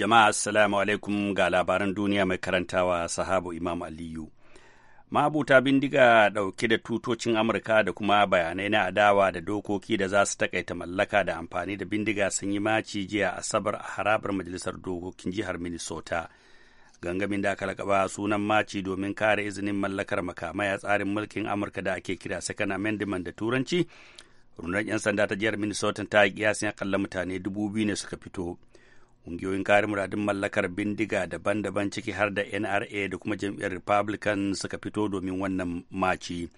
Jama'a assalamu alaikum ga labaran duniya mai karantawa sahabu Imam Aliyu. Ma'abuta bindiga ɗauke da tutocin Amurka da kuma bayanai na adawa da dokoki da za su takaita mallaka da amfani da bindiga sun yi maci jiya asabar a harabar majalisar dokokin jihar Minnesota. Gangamin da aka lakaba sunan maci domin kare izinin mallakar makamai a tsarin mulkin Amurka da ake kira Second Amendment da Turanci. Rundunar 'yan sanda ta jihar Minnesota ta yi kiyasin akalla mutane dubu biyu ne suka fito. ƙungiyoyin kare muradun mallakar bindiga daban-daban ciki har da nra da kuma jam'iyyar republican suka fito domin wannan maci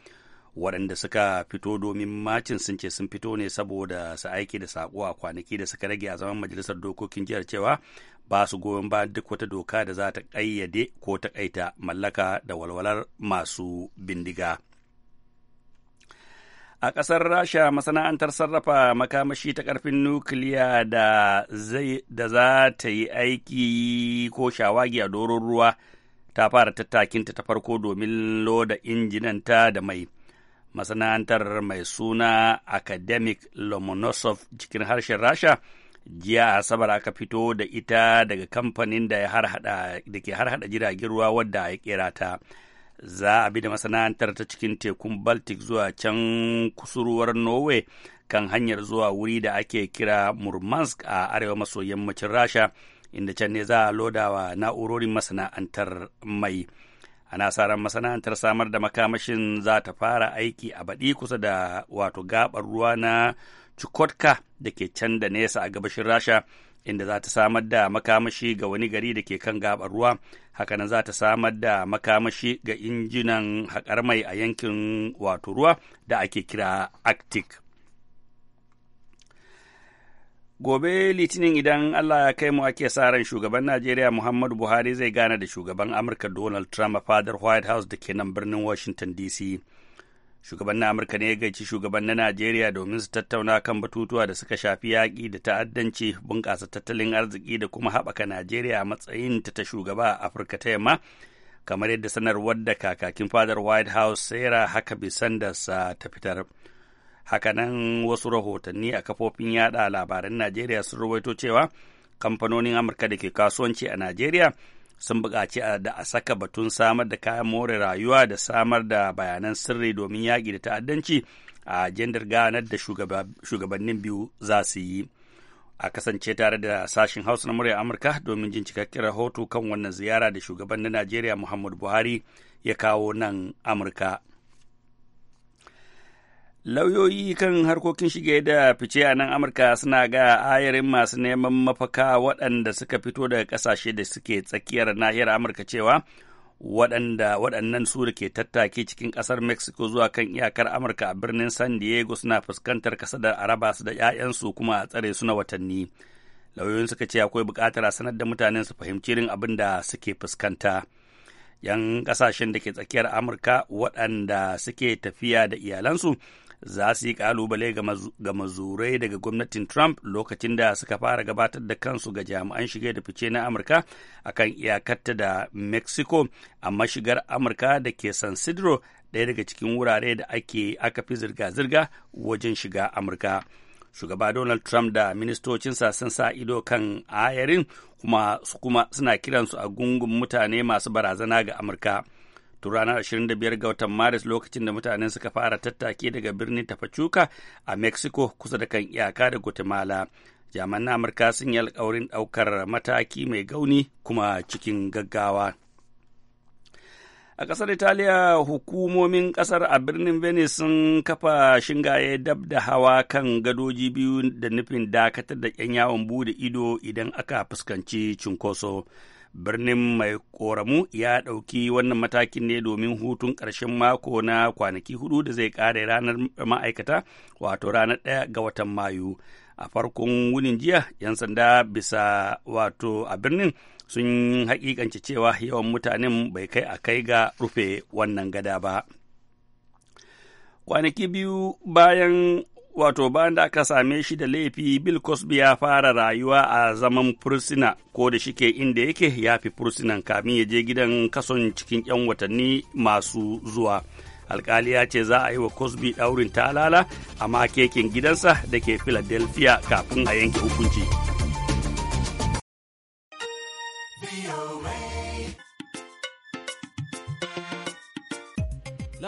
waɗanda suka fito domin macin sun ce sun fito ne saboda su aiki da saƙo a kwanaki da suka rage a zaman majalisar dokokin jihar cewa ba su goyon ba duk wata doka da za ta ƙayyade ko ta mallaka da walwalar masu bindiga. A ƙasar Rasha masana'antar sarrafa makamashi ta ƙarfin nukiliya da, za ta yi aiki ko shawagi a doron ruwa ta fara tattakinta ta farko domin loda injinanta da mai. Masana'antar mai suna Academic Lomonosov cikin harshen Rasha jiya Asabar aka fito da ita daga kamfanin da ke harhaɗa jiragen ruwa wadda ya ƙera ta. za a bi da masana'antar ta cikin tekun baltic zuwa can kusurwar norway kan hanyar zuwa wuri da ake kira murmansk a arewa maso yammacin rasha inda can ne za a lodawa na'urorin masana'antar mai ana sa masana'antar samar da makamashin za ta fara aiki a baɗi kusa da wato gaɓar ruwa na chukotka da ke can da nesa a gabashin rasha inda za ta samar da makamashi ga wani gari da ke kan gabar ruwa haka hakanan za ta samar da makamashi ga injinan haƙar mai a yankin wato ruwa da ake kira arctic gobe litinin idan allah ya kai mu ake sa ran shugaban najeriya muhammadu buhari zai gana da shugaban amurka donald trump a fadar white house da ke nan birnin washington dc shugaban na amurka ne ya gaici shugaban na najeriya domin su tattauna kan batutuwa da suka shafi yaƙi da ta'addanci bunƙasa tattalin arziki da kuma haɓaka najeriya a matsayin ta ta shugaba a afirka ta yamma kamar yadda sanarwar da kakakin fadar white house sarah huckabee sanders uh, ta fitar hakanan wasu rahotanni a kafofin yada labaran najeriya sun rawaito cewa kamfanonin amurka da ke kasuwanci a najeriya sun buƙaci da a saka batun samar da kayan more rayuwa da samar da bayanan sirri domin yaƙi da ta'addanci a ajandar ganar da shugabannin biyu za su yi a kasance tare da sashen hausa na murya amurka domin jin cikakken rahoto kan wannan ziyara da shugaban na najeriya muhammadu buhari ya kawo nan amurka Lauyoyi kan harkokin shige da fice a nan Amurka suna ga ayarin masu neman mafaka waɗanda suka fito daga ƙasashe da suke tsakiyar nahiyar Amurka cewa waɗanda waɗannan su da ke tattaki cikin ƙasar Mexico zuwa kan iyakar Amurka a birnin San Diego suna fuskantar kasa da araba su da 'ya'yansu kuma a tsare su na watanni. Lauyoyin suka ce akwai buƙatar a sanar da mutanen su fahimci irin abin da suke fuskanta. 'Yan ƙasashen da ke tsakiyar Amurka waɗanda suke tafiya da iyalansu za su yi kalubale ga mazurai daga gwamnatin Trump lokacin da suka fara gabatar da kansu ga jami'an shige da fice na Amurka a kan iyakarta da Mexico amma shigar Amurka da ke San Sidro ɗaya daga cikin wurare da ake aka fi zirga-zirga wajen shiga Amurka. Shugaba Donald Trump da ministocinsa sun sa ido kan ayarin kuma suna kiransu a gungun mutane masu barazana ga Amurka. tun ranar 25 ga watan maris lokacin da mutanen suka fara tattake daga birnin tafacuka a mexico kusa da kan iyaka da guatemala jaman amurka sun yi alkawarin ɗaukar mataki mai gauni kuma cikin gaggawa a ƙasar italiya hukumomin ƙasar a birnin venice sun kafa shingaye dab da hawa kan gadoji biyu da nufin dakatar da 'yan yawon bude ido idan aka fuskanci cunkoso birnin mai koramu ya ɗauki wannan matakin ne domin hutun ƙarshen mako na kwanaki hudu da zai ƙare ranar ma'aikata wato ranar ɗaya ga watan mayu a farkon wunin jiya 'yan sanda bisa wato a birnin sun hakikanci cewa yawan mutanen bai kai a kai ga rufe wannan gada ba kwanaki biyu bayan wato bayan da aka same shi da laifi Bill Cosby ya fara rayuwa a zaman fursuna ko da shike inda yake ya fi fursunan kamin ya je gidan kason cikin 'yan watanni masu zuwa. Alkali ya ce za a yi wa Cosby ɗaurin talala a makekin gidansa da ke Philadelphia kafin a yanke hukunci.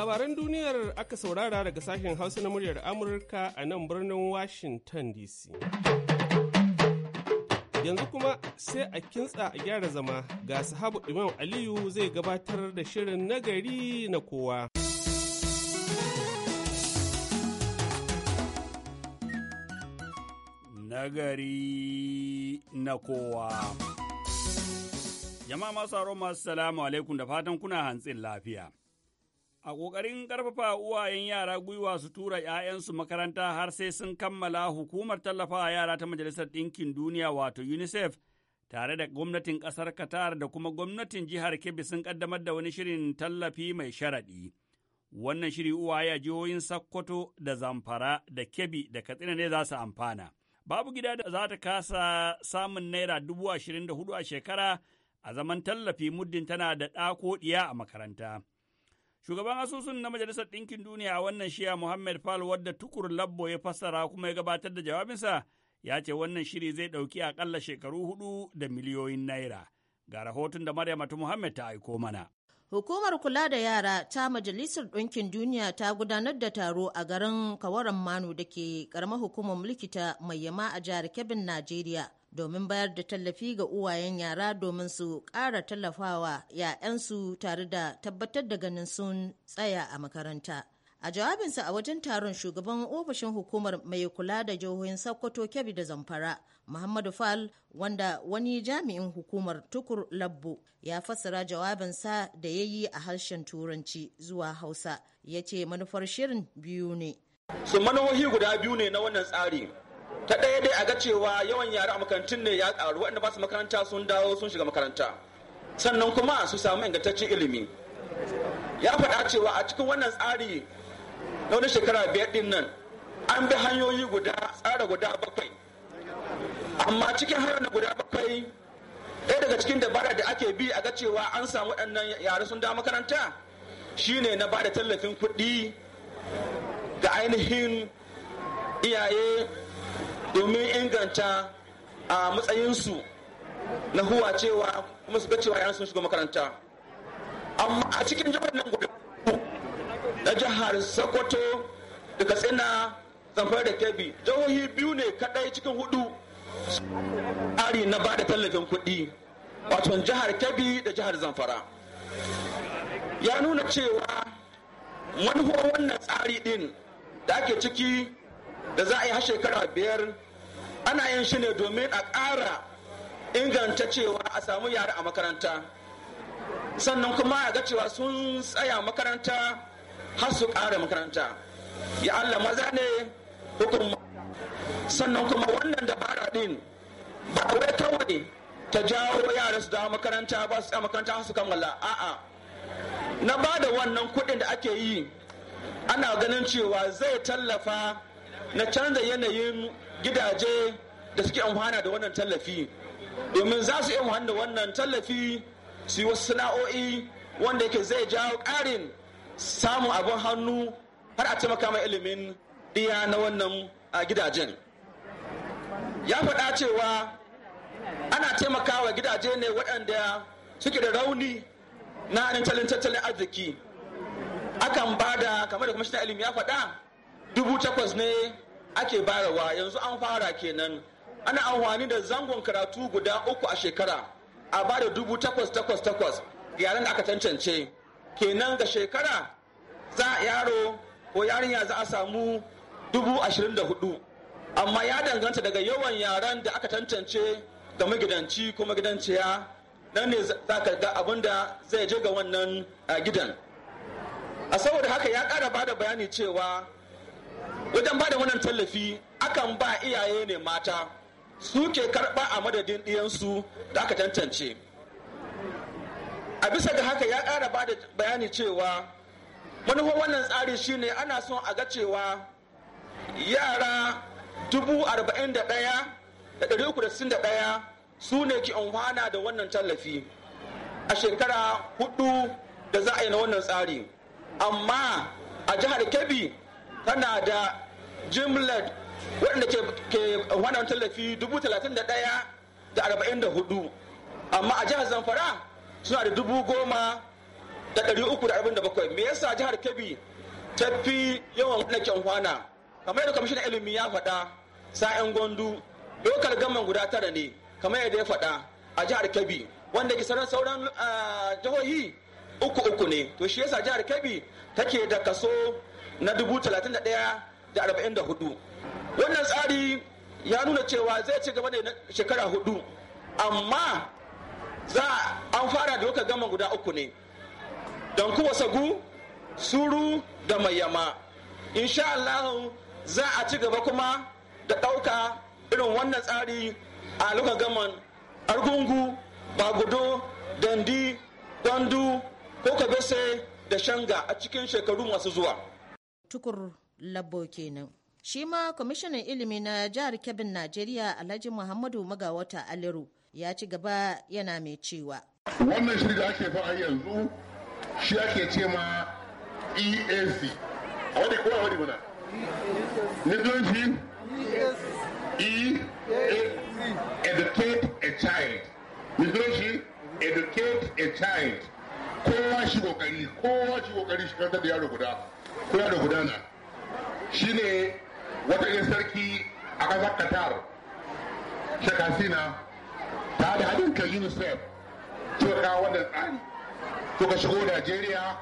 Labaran duniyar aka saurara daga sashen Hausa na muryar Amurka a nan birnin Washington DC. Yanzu kuma sai a kintsa a gyara zama ga sahabu Imam Aliyu zai gabatar da shirin nagari na kowa. Nagari na kowa. Jama'a masu masu salamu alaikum da fatan kuna hantsin lafiya. a ƙoƙarin ƙarfafa uwayen yara gwiwa su tura 'ya'yansu makaranta har sai sun kammala hukumar tallafa yara ta Majalisar Ɗinkin Duniya wato UNICEF tare da gwamnatin ƙasar Qatar da kuma gwamnatin jihar Kebbi sun ƙaddamar da wani shirin tallafi mai sharaɗi. Wannan shiri uwaye a jihohin Sokoto da Zamfara da Kebbi da Katsina ne za su amfana. Babu gida da za ta kasa samun naira dubu ashirin da hudu a shekara a zaman tallafi muddin tana da ɗako ɗiya a makaranta. Shugaban asusun na Majalisar Ɗinkin Duniya a wannan shiya Muhammad Fal wadda tukur labbo ya fassara kuma ya gabatar da jawabinsa ya ce wannan shiri zai ɗauki aƙalla shekaru hudu da miliyoyin naira. Ga rahoton da Maryam Muhammad ta aiko mana. Hukumar kula da yara ta Majalisar Ɗinkin Duniya ta gudanar da taro a garin Kawaran Manu da ke ƙaramar hukumar mulki ta Mayyama a jihar Kebbin, Najeriya. domin bayar da tallafi ga uwayen yara domin su ƙara tallafawa ‘ya'yansu tare da tabbatar da ganin sun tsaya a makaranta. A jawabinsa a wajen taron shugaban ofishin hukumar mai kula da jihohin Sokoto, Kebbi da Zamfara, Muhammadu Fal, wanda wani jami'in hukumar tukur Labbu ya fassara jawabinsa da ya yi a harshen Turanci zuwa Hausa, ya ce manufar shirin biyu ne. Su manufofi guda biyu ne na wannan tsari. Ta ɗaya dai a ga cewa yawan yara a makarantun ne ya ƙaru waɗanda ba su makaranta sun dawo sun shiga makaranta. Sannan kuma su samu ingantaccen ilimi. Ya faɗa cewa a cikin wannan tsari na wani shekara biyar din nan an bi hanyoyi guda tsara guda bakwai amma cikin hanyar guda bakwai ɗaya daga cikin dabara da ake bi a ga cewa an samu waɗannan yare sun da makaranta shine na ba da tallafin kuɗi ga ainihin iyaye domin inganta a matsayinsu na huwa cewa kuma su ga cewa yaran sun shiga makaranta amma a cikin jihar nan guda na jihar sokoto da katsina zamfara da kebbi jihohi biyu ne kadai cikin hudu ari na ba da tallafin kuɗi wato jihar kebbi da jihar zamfara ya nuna cewa manufar wannan tsari din da ake ciki da za a yi har shekara biyar ana yin shi ne domin a ƙara inganta cewa a samu yara a makaranta sannan kuma a ga cewa sun tsaya makaranta har su ƙara makaranta ya Allah maza ne hukum sannan kuma wannan dabara din ba wai kawai ta jawo yara su dawo makaranta ba su makaranta su kammala a'a na ba da wannan kuɗin da ake yi ana ganin cewa zai tallafa na canza yanayin gidaje da suke amfana da wannan tallafi domin za su yi amfani da wannan tallafi su yi wasu sana'o'i wanda yake zai jawo ƙarin samun abin hannu har a taimaka mai ilimin ɗiya na wannan a gidajen ya faɗa cewa ana taimakawa gidaje ne waɗanda suke da rauni na tattalin tattalin arziki akan ba da kamar da kwamishinan ilimi ya faɗa dubu takwas ne ake bayarwa yanzu an fara kenan ana amfani da zangon karatu guda uku a shekara a ba da dubu takwas takwas takwas yaren da aka cancance. kenan ga shekara za yaro ko yarinya za a samu dubu ashirin da hudu amma ya danganta daga yawan yaran da aka tantance ga magidanci ko magidanciya nan ne za ka ga abin da zai je ga wannan gidan a saboda haka ya kara ba da bayani cewa wajen ba da wannan tallafi akan ba iyaye ne mata su ke karɓa a madadin ɗiyansu da aka tantance a bisa ga haka ya ƙara ba da bayani cewa manufar wannan tsari shine ana son a ga cewa yara dubu arba'in da ɗaya da ɗari uku da sittin da ɗaya su ne ke amfana da wannan tallafi a shekara hudu da za a yi na wannan tsari amma a jihar kebbi tana da jimlar waɗanda ke wannan tallafi dubu talatin da ɗaya da arba'in da amma a jihar zamfara suna da dubu goma da ɗari uku da arba'in da bakwai me yasa jihar kebbi ta fi yawan na kwana kamar yadda kwamishin ilimi ya faɗa sa'in gondu lokal gaman guda tara ne kamar yadda ya faɗa a jihar kebbi wanda ke sauran sauran jihohi uku uku ne to shi yasa jihar kebbi take da kaso na dubu talatin da ɗaya da arba'in da hudu wannan tsari ya nuna cewa zai ci gaba da shekara hudu amma za an fara da kuka gama guda uku ne don kuwa sagu suru da mayama insha Allah za a ci gaba kuma da ɗauka irin wannan tsari a luka gaman argungu bagudo dandi gandu, ko kabese da shanga a cikin shekaru masu zuwa tukur labo kenan shi ma kwamishinan ilimi na jihar kebin najeriya alhaji muhammadu magawata aliru ya ci gaba yana mai cewa. Wannan shi da ake fa'a yanzu shi ake ce ma EAC. A wani kowa wani muna? Nidon shi? E educate a child. Nidon shi? Educate a child. Kowa shi kokari, kowa shi kokari shi kanta da yaro guda. Kowa da na. Shi ne wata sarki a ƙasar Qatar. Shakasina ta da abin ka unicef to kawo wannan tsari suka shigo najeriya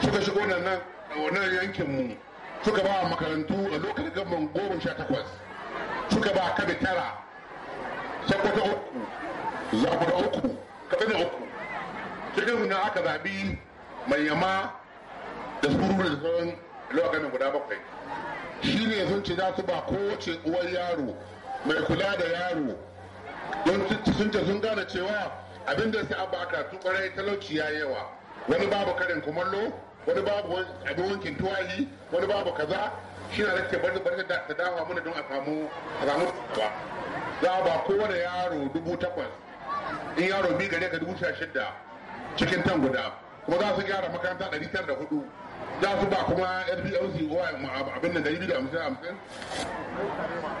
suka shigo nan wannan yankin mu suka ba makarantu a lokacin gaban goma sha takwas suka ba kabe tara sakwata uku zakuda uku kabe da uku cikin na aka zaɓi mai yama da su da sauran lokacin guda bakwai shi ne sun ce za su ba kowace uwar yaro mai kula da yaro don sun ce sun gane cewa abin da sai abba karatu kwarai talauci ya yawa wani babu karin kumallo wani babu abin wankin tuwali, wani babu kaza shi na rake bar bar ta dawa mana don a samu a samu ba za a ba kowane yaro dubu takwas in yaro bi gare ka dubu sha shidda cikin tan guda kuma za su gyara makaranta ɗari tara da hudu za su ba kuma fblc ko abin da ɗari biyu da hamsin hamsin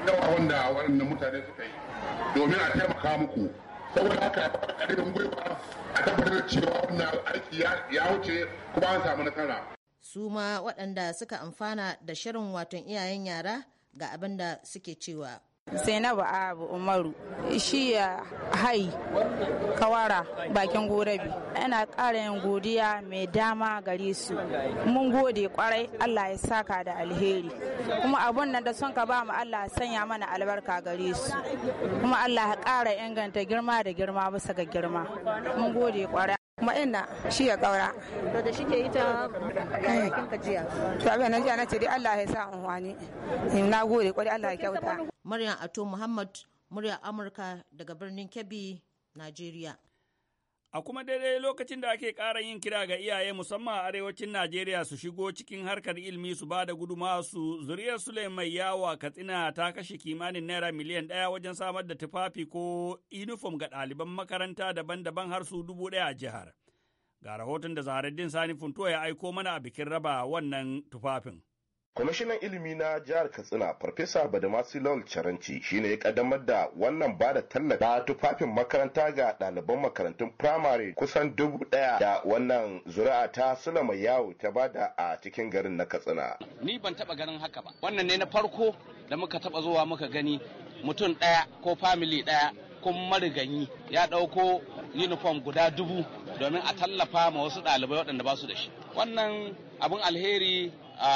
yawa wanda waɗannan mutane suka yi domin a taimaka muku saboda haka ƙarfin gwiwa a tabbatar cewa wannan aiki ya wuce kuma an samu nasara. su ma waɗanda suka amfana da shirin waton iyayen yara ga abin da suke cewa. Zainabu Abu Umaru shi ya hai kawara bakin gorabi. Ina ƙara yin godiya mai dama gare su. Mun gode kwarai Allah ya saka da alheri. Kuma abun nan da son ka ba mu Allah sanya mana albarka gare su. Kuma Allah ya ƙara inganta girma da girma bisa ga girma. Mun gode kwarai. kuma ina shi ya kaura to da shike ita eh. kajiya to abin nan jiya na ce dai Allah ya sa in wani eh, na gode kwari Allah ya kyauta Maryam Ato Muhammad murya Amurka daga birnin Kebbi, Najeriya. A kuma daidai lokacin da ake ƙara yin kira ga iyaye musamman a arewacin Najeriya su shigo cikin harkar ilimi su ba da guduma su zuriyar mai Yawa Katsina ta kashe kimanin naira miliyan ɗaya wajen samar da tufafi ko inifom ga ɗaliban makaranta daban-daban har su dubu ɗaya a jihar. Ga rahoton da Zaharaddin Sani Funto ya aiko mana a bikin raba wannan tufafin. kwamishinan ilimi na jihar katsina farfesa badamasi lawal caranci shine ya kaddamar da wannan ba da tallafi na tufafin makaranta ga ɗaliban makarantun firamare kusan dubu ɗaya da wannan zuri'a ta sulama yawo ta bada a cikin garin na katsina ni ban taba ganin haka ba wannan ne na farko da muka taba zuwa muka gani mutum ɗaya ko famili ɗaya kun mariganyi ya ɗauko uniform guda dubu domin a tallafa ma wasu ɗalibai waɗanda ba su da shi wannan abin alheri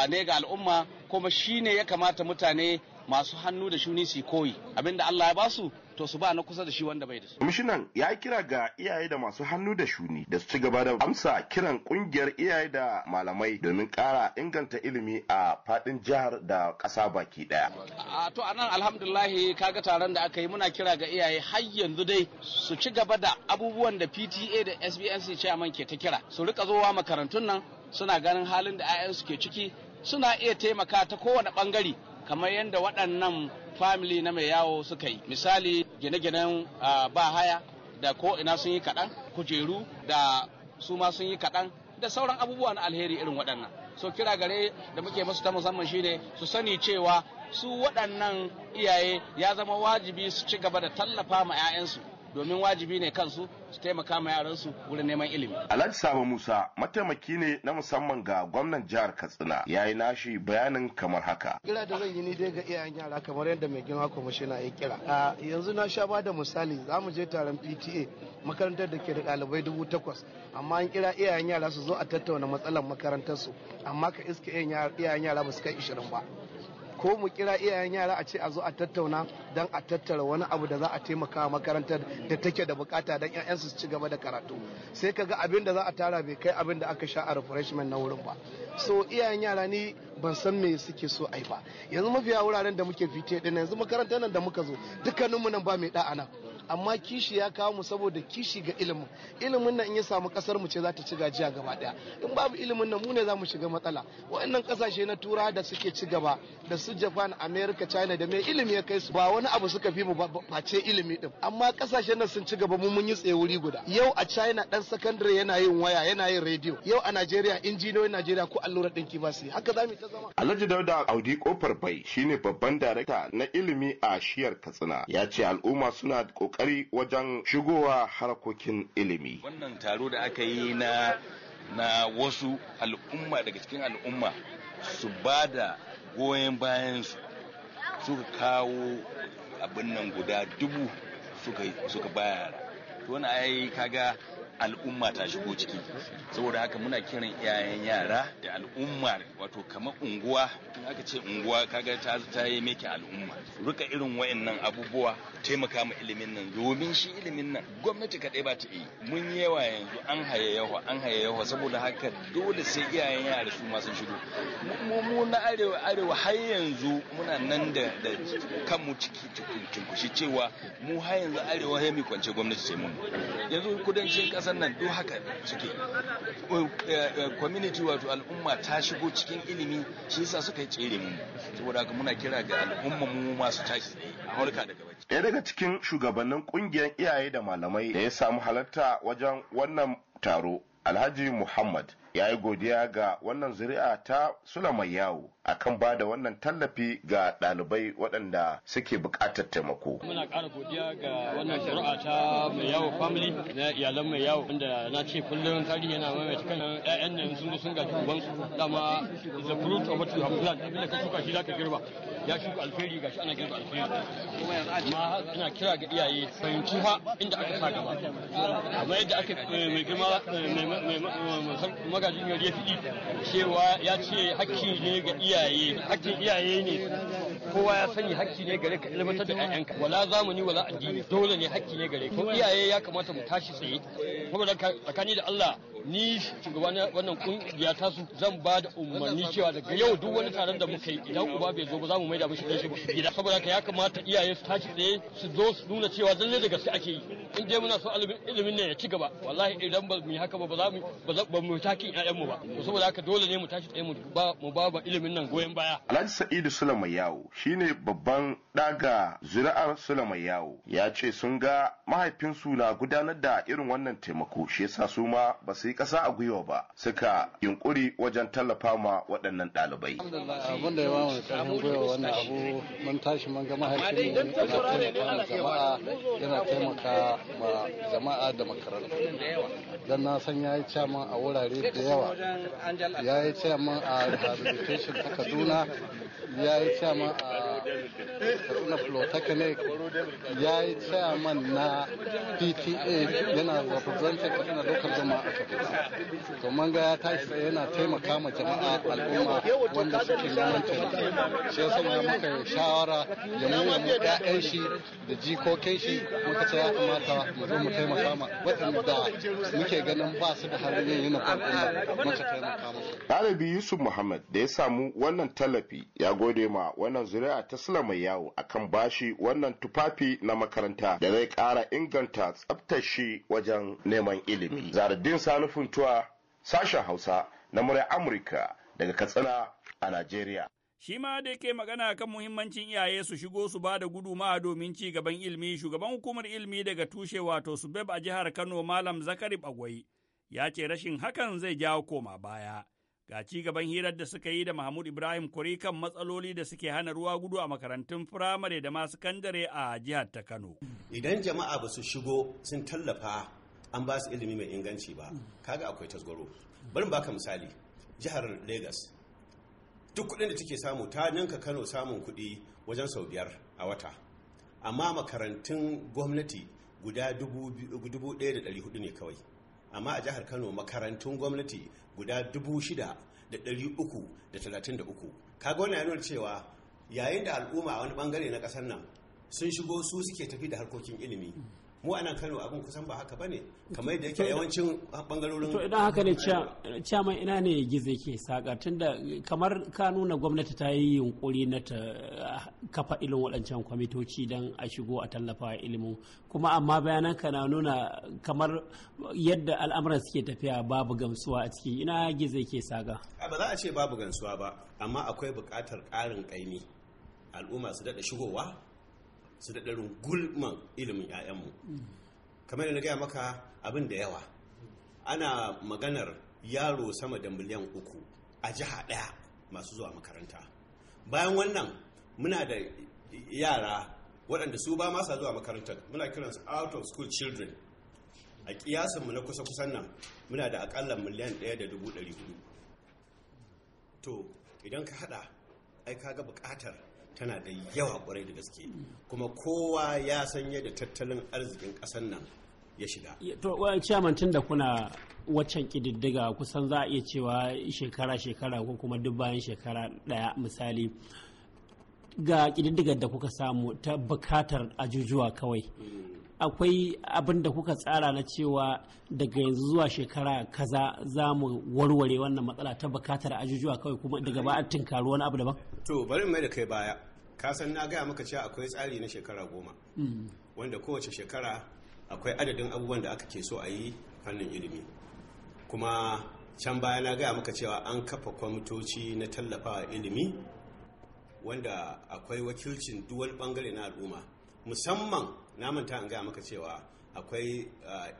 ne ga al'umma kuma shi ne ya kamata mutane masu hannu da shuni su koyi abinda Allah ya basu to su ba na kusa da shi wanda bai da su. Kwamishinan ya kira ga iyaye da masu hannu da shuni da su ci gaba da amsa kiran kungiyar iyaye da malamai domin kara inganta ilimi a faɗin jihar da ƙasa baki ɗaya. A to anan alhamdulillah kaga taron da aka yi muna kira ga iyaye har yanzu dai su ci gaba da abubuwan da PTA da SBNC chairman ke ta kira su rika zowa makarantun nan suna ganin halin da 'ya'yansu ke ciki suna iya taimaka ta kowane bangare kamar yadda waɗannan family na mai yawo suka yi misali gine-ginen ba haya da ko ina sun yi kaɗan kujeru da su ma sun yi kaɗan da sauran abubuwa na alheri irin waɗannan so kira gare da muke musu ta musamman shine su sani cewa su waɗannan iyaye ya zama wajibi su ci gaba da tallafa ma 'ya'yansu domin wajibi ne kansu su taimaka ma yaransu wurin neman ilimi. Alhaji Sabo Musa mataimaki ne na musamman ga gwamnan jihar Katsina ya yi nashi bayanin kamar haka. Kira da zan yi ni dai ga iyayen yara kamar yadda mai girma kwamishina ya kira. A yanzu na sha da misali za mu je taron PTA makarantar da ke da ɗalibai dubu takwas amma an kira iyayen yara su zo a tattauna matsalar su, amma ka iska iyayen yara ba su kai ishirin ba. ko mu kira iyayen yara a ce a zo a tattauna don a tattara wani abu da za a taimaka makarantar da take da bukata don ya'yan su ci gaba da karatu sai ka ga abin da za a tara bai kai abin da aka sha a refreshment na wurin ba so iyayen yara ni ban san me suke so ai ba yanzu mafiya wuraren da muke fite din yanzu makarantar nan da muka zo dukkaninmu nan ba mai da'a nan amma kishi ya kawo mu saboda kishi ga ilimin ilimin nan in ya samu kasar mu ce za ta ci gajiya gaba daya in babu ilimin nan mu ne za mu shiga matsala Wannan kasashe na tura da suke ci gaba da su Japan America China da mai ilimi ya kai su ba wani abu suka fi mu face ilimi din amma kasashen nan sun ci gaba mu mun yi tsaye wuri guda yau a China dan secondary yana yin waya yana yin radio yau a Najeriya injiniyoyin Najeriya ko allura dinki ba su haka za mu ta zama Alhaji Dauda Audi Kofar Bai shine babban darakta na ilimi a shiyar Katsina ya ce al'umma suna kokarin kokari wajen shigowa harkokin ilimi wannan taro da aka yi na na wasu al'umma daga cikin al'umma su ba da goyon bayansu suka kawo abin nan guda dubu suka bayar wani ai kaga al'umma ta shigo ciki saboda haka muna kiran iyayen yara da al'umma wato kamar unguwa in aka ce unguwa kaga ta ta yi miki al'umma rika irin wayannan abubuwa taimaka ma ilimin nan domin shi ilimin nan gwamnati kadai ba ta yi mun yawa yanzu an haye yawa an haye yawa saboda haka dole sai iyayen yara su ma sun shigo mu na arewa arewa har yanzu muna nan da kanmu ciki cikin cewa mu har yanzu arewa ya mi kwance gwamnati sai mu yanzu kudancin kasa ƙasar nan duk haka suke eh, eh, community wato al'umma ta shigo cikin ilimi shi yasa suka yi tsere mu saboda haka muna kira ga al'umma mu masu tashi a harka daga baki ɗaya daga cikin shugabannin ƙungiyar iyaye da malamai da ya samu halarta wajen wannan taro alhaji muhammad ya yi godiya ga wannan zuri'a ta Sule yawo akan ba da wannan tallafi ga ɗalibai waɗanda suke buƙatar taimako. Muna ƙara godiya ga wannan shari'a ta mai yawo family na iyalan mai yawo wanda na ce kullum tarihi yana maimaita kan ƴaƴan nan sun sun gaji su dama the fruit of what you have abinda ka shuka shi ka girba ya shuka alheri gashi ana girba alheri ma ina kira ga iyaye fahimci fa inda aka sa gaba amma yadda aka mai girma mai magajin yau ya fiɗi cewa ya ce hakki ne ga iyaye iyaye hakkin iyaye ne kowa ya sani hakki ne gare ka ilmantar da ƴaƴanka wala zamani wala addini dole ne hakki ne gare ka iyaye ya kamata mu tashi tsaye kuma tsakani da Allah ni shugaban wannan kungiya ta su zan ba da umarni cewa daga yau duk wani taron da muka yi idan uba bai zo ba za mu maida mishi shi gida saboda haka ya kamata iyaye su tashi tsaye su zo su nuna cewa zalle da gaske ake yi in dai muna so ilimin nan ya ci gaba wallahi idan ba mu yi haka ba ba za mu ba mu ƴaƴan mu ba saboda haka dole ne mu tashi tsaye mu ba mu ba ilimin nan goyon baya Alhaji Sa'idu Sulaiman Yawo shine babban daga zuri'ar Sulaiman Yawo ya ce sun ga mahaifinsu na gudanar da irin wannan taimako shi yasa su ma ba su yi ƙasa a gwiwa ba suka yunkuri wajen tallafa ma waɗannan ɗalibai. Abin da ya bamu ƙarfin gwiwa wannan abu mun tashi mun ga mahaifin yana taimaka jama'a yana taimaka ma jama'a da makarantu. Dan na san ya yi caman a wurare da yawa. Ya yi caman a rehabilitation ta Kaduna. Ya yi caman a katsina polytechnic ya yi chairman na pta yana representing katsina local jama'a a to manga ya tashi yana taimaka ma jama'a al'umma wanda suke neman shi yasa ya muka shawara ya mu mu ƴaƴan shi da jikokin shi muka ce ya kamata mu zo mu taimaka ma waɗanda muke ganin ba su da halin yin uniform ɗin muka taimaka musu. dalibi Yusuf Muhammad da ya samu wannan tallafi ya gode ma wannan zuri'a ta sula mai yawo akan bashi wannan tufafi na makaranta da zai ƙara inganta tsabtashi wajen neman ilimi. Zaradin sanufin tuwa sashen Hausa na murya Amurka daga Katsina a Najeriya. Shi ma da ke magana kan muhimmancin iyaye su shigo su ba da ma domin ci gaban ilimi, shugaban hukumar ilimi daga tushe wato Subeb a jihar Kano Malam Zakari Bagwai ya ce rashin hakan zai jawo koma baya. Ga ci gaban hirar da suka yi da Mahmud Ibrahim Kuri kan matsaloli da suke hana ruwa gudu a makarantun firamare da masu kandare a jihar ta Kano. Idan jama'a ba su shigo sun tallafa an ba su ilimi mai inganci ba, kaga akwai tasgaro. Bari baka misali, jihar Legas duk kuɗin da take samu ta ninka Kano samun kuɗi wajen sau biyar a wata. Amma makarantun gwamnati guda hudu ne kawai. amma a jihar kano makarantun gwamnati guda dubu shida da ɗari uku talatin da uku kaga wani ya cewa yayin da al'umma a wani bangare na kasar nan sun shigo su suke tafi da harkokin ilimi mu a nan kano abin kusan ba haka bane kamar da yake yawancin bangarorin to idan haka ne chairman ina ne gizo yake saka tunda kamar ka nuna gwamnati ta yi yunkuri na ta ah, kafa irin waɗancan kwamitoci don a shigo a tallafa ilimi kuma amma bayanan ka na nuna kamar yadda al'amuran suke tafiya babu gamsuwa a ciki ina gizo yake saka ba za a ce babu gamsuwa ba amma akwai buƙatar ƙarin ƙaimi al'umma su daɗa shigowa su daɗa gulman ilimin 'ya'yanmu kamar da na gaya maka abin da yawa ana maganar yaro sama da miliyan uku a jiha ɗaya masu zuwa makaranta bayan wannan muna da yara waɗanda su ba masa zuwa makarantar muna kiransu out of school children a ƙiyasinmu na kusa-kusan nan muna da aƙalla miliyan ɗaya da dubu ɗari hudu to idan ka haɗa, ai ga buƙatar. tana da yawa kwarai da gaske kuma kowa ya san yadda tattalin arzikin ƙasar nan ya shiga. To chairman tun da kuna waccan ƙididdiga kusan za a iya cewa shekara-shekara ko kuma duk bayan shekara ɗaya misali ga ƙididdigar da kuka samu ta bukatar ajujuwa kawai hmm. akwai abin da kuka tsara na cewa daga yanzu zuwa shekara kaza za mu warware wannan matsala ta bukatar ajujuwa kawai kuma daga ba a tinkaru wani abu daban to bari mai da kai baya ka san na gaya maka cewa akwai tsari na shekara goma hmm. wanda kowace shekara akwai adadin abubuwan da aka ke so a yi fannin ilimi kuma can baya na gaya maka cewa an kafa kwamitoci na tallafawa ilimi wanda akwai wakilcin duwal bangare na al'umma musamman na manta an gaya maka cewa akwai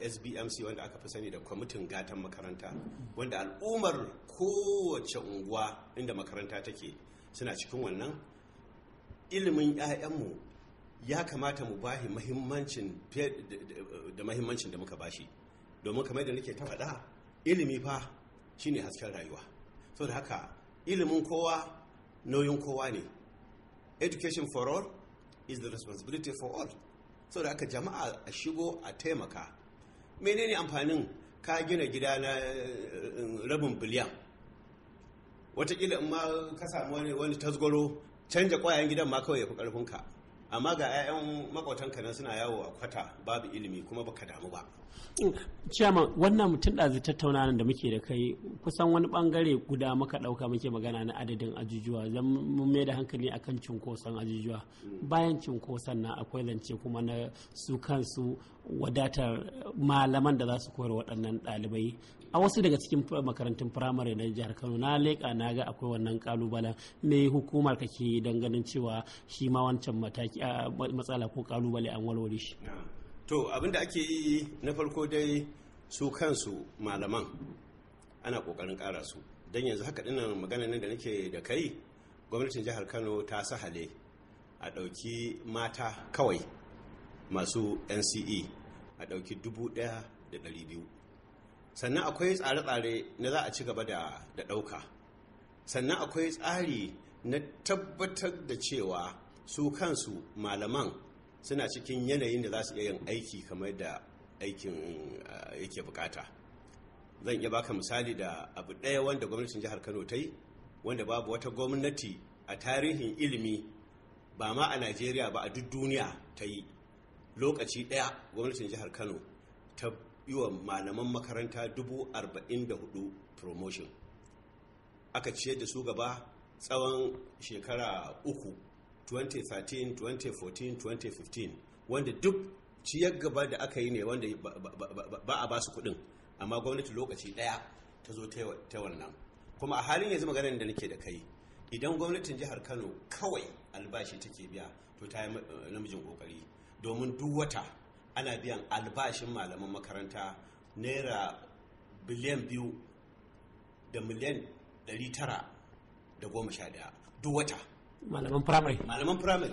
eh, sbmc wanda aka fi sani da kwamitin gatan makaranta wanda al'ummar kowace unguwa inda makaranta take suna cikin wannan ilimin 'ya'yanmu ya kamata mu bahi mahimmancin da mahimmancin da muka bashi domin kamar da nake ta faɗa ilimi fa shine hasken rayuwa so da haka ilimin kowa nauyin kowa ne education for all is the responsibility for all saboda haka jama'a a shigo a taimaka menene amfanin ka gina gida na eh, rabin biliyan watakila in ma ka samu wani tasgoro canja kwayan gidan ma kawai ya fi karfinka amma ga 'ya'yan makwatan nan suna yawo a kwata babu ilimi kuma baka damu ba ciyama wannan mutum ɗazu tattaunawa da muke da kai kusan wani bangare guda maka ɗauka muke magana na adadin ajujuwa zan mun mai da hankali akan cinkoson ajujuwa mm. bayan cinkoson na akwai zance kuma na su kansu wadatar malaman da za su koyar waɗannan ɗalibai a wasu daga cikin makarantun firamare na jihar kano na leƙa na ga akwai wannan kalubalen me hukumar kake don ganin cewa shi ma wancan mataki a matsala ko kalubale an walwale shi to abin da ake yi na farko dai su kansu malaman ana kokarin ƙara su don yanzu haka dinar magana nan da nake da kai gwamnatin jihar kano ta sahale a ɗauki mata kawai masu nce a ɗauki dubu ɗaya da ɗari biyu sannan akwai tsare-tsare na za a ci gaba da ɗauka sannan akwai tsari na tabbatar da cewa su kansu malaman suna cikin yanayin da za su iya yin aiki kamar da aikin eh, yake bukata zan iya baka misali da abu ɗaya wanda gwamnatin jihar kano ta yi wanda babu wata gwamnati a tarihin ilimi ba ma a najeriya ba a duk duniya ta yi lokaci ɗaya gwamnatin jihar kano ta yi wa malaman makaranta hudu promotion aka ciyar da su gaba tsawon shekara uku 2013 2014 2015 wanda duk ciyar gaba da aka yi ne wanda ba a basu kudin amma gwamnati lokaci daya ta zo ta wannan kuma a halin yanzu maganar da nake da kai idan gwamnatin jihar kano kawai albashi take biya to ta yi eh, namijin kokari domin duk wata ana biyan albashin malaman makaranta naira biliyan biyu da miliyan ɗari tara da goma sha daya duk wata malaman primary. malaman primary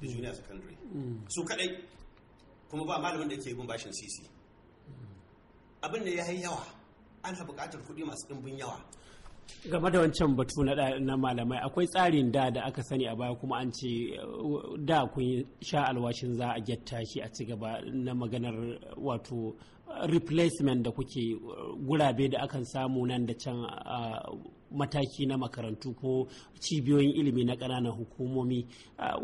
da mm. junior secondary mm. su kadai kuma ba malamin da yake yi bashin sisi mm. abin da ya yi yawa ana buƙatar kuɗi masu ɗimbin yawa game da wancan batu na malamai akwai tsarin da da aka sani a baya kuma an ce da kun sha alwashin za a gyatta shi a ci gaba na maganar wato replacement da kuke gurabe da akan samu nan da can mataki na makarantu ko cibiyoyin ilimi na ƙananan hukumomi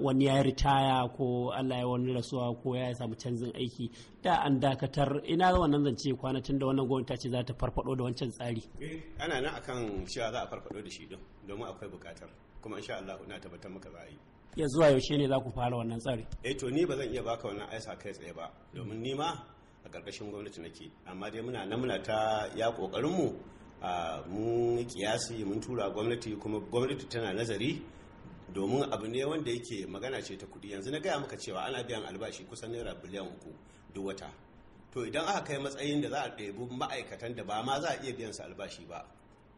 wani ya ritaya ko allah ya wani rasuwa ko ya samu canjin aiki da an dakatar ina wannan zance tun da wannan gwamnati ce za ta farfado da wancan tsari eh, ana nan akan cewa za a farfado da shi don domin akwai bukatar kuma insha Allah na tabbatar maka za a yi ya zuwa yaushe ne za ku fara wannan tsari eh to ni ba zan iya baka wannan aisa kai tsaye ba domin ni ma a ƙarƙashin gwamnati nake amma dai muna nan muna ta ya ƙoƙarinmu mun kiyasi mun tura gwamnati kuma gwamnati tana nazari domin abu ne wanda yake magana ce ta kudi yanzu na gaya maka cewa ana biyan albashi kusan naira biliyan uku duk wata to idan aka kai matsayin da za a ɗebi ma'aikatan da ba ma za a iya biyan su albashi ba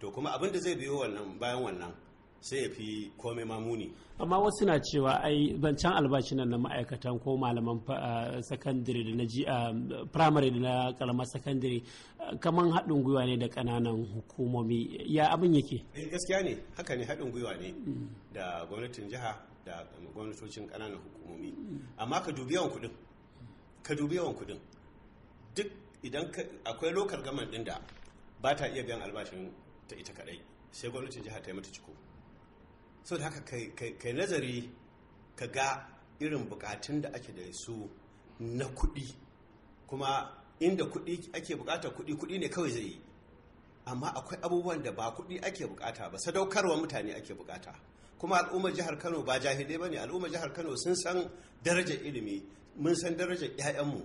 to kuma abin da zai biyo wannan bayan wannan sai ya fi komai mamuni amma wasu na cewa ai zancen albashi nan na ma'aikatan ko malaman ah, sakandare da na ji ah, primary da na karamar sakandare kaman haɗin gwiwa ne da ƙananan hukumomi ya abin yake eh, gaskiya ne haka ne haɗin gwiwa ne da gwamnatin jiha da gwamnatocin ƙananan hukumomi amma ka dubi yawan kuɗin ka dubi yawan kuɗin duk idan akwai lokal gaman ɗin da ba ta iya biyan albashin ta ita kaɗai sai gwamnatin jiha ta yi mata ciko so da haka kai nazari ka ga irin bukatun da ake da su na kuɗi kuma inda kuɗi ake bukatar kuɗi kuɗi ne kawai zai yi amma akwai abubuwan da ba kuɗi ake bukata ba sadaukarwa mutane ake bukata kuma al'ummar jihar kano ba jahilai ba ne al'ummar jihar kano sun san darajar ilimi mun san darajar 'ya'yanmu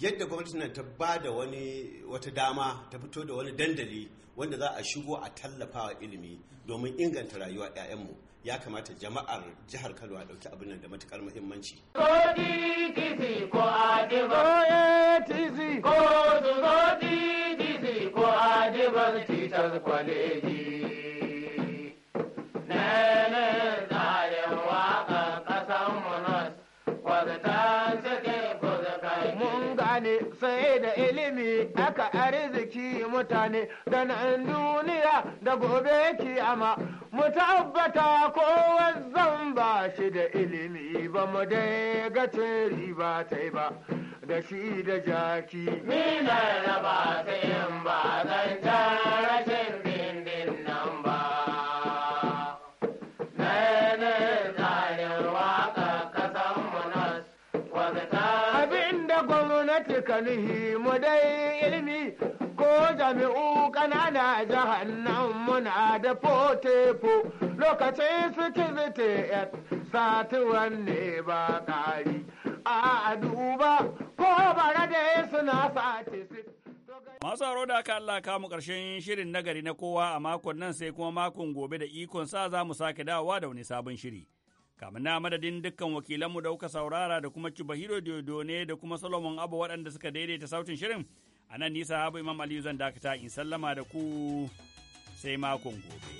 yadda gwamnati nan ta ba da wani wata dama ta fito da wani dandali wanda za a shigo a tallafawa ilimi domin inganta rayuwa 'ya'yanmu ya kamata jama'ar jihar Kano a ɗauki abin nan da matukar muhimmanci. Ko ko ko aka arziki mutane da nan duniya da gobe kiyama mu tabbata kowan zan ba shi da ilimi ba mu dai ga riba ta ba da shi da jaki ni na ba ta yin ba zan jami'u ƙanana jahannan muna da fotefo lokacin suke zite yan sati wanne ba kari a duba ko bara da suna sati Masu haro da aka Allah kamu ƙarshen shirin nagari na kowa a makon nan sai kuma makon gobe da ikon sa za mu sake dawowa da wani sabon shiri. Kamin na madadin dukkan wakilanmu da kuka saurara da kuma Cibahiro Diodo ne da kuma Solomon Abu waɗanda suka daidaita sautin shirin. A nan nisa habu Imam Aliyu zan dakata in sallama da ku sai makon gobe.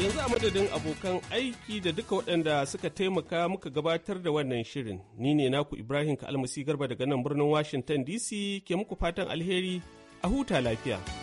Yanzu a madadin abokan aiki da duka waɗanda suka taimaka muka gabatar da wannan shirin, ni ne naku Ibrahim almasi Garba daga nan birnin Washington DC ke muku fatan alheri a huta lafiya.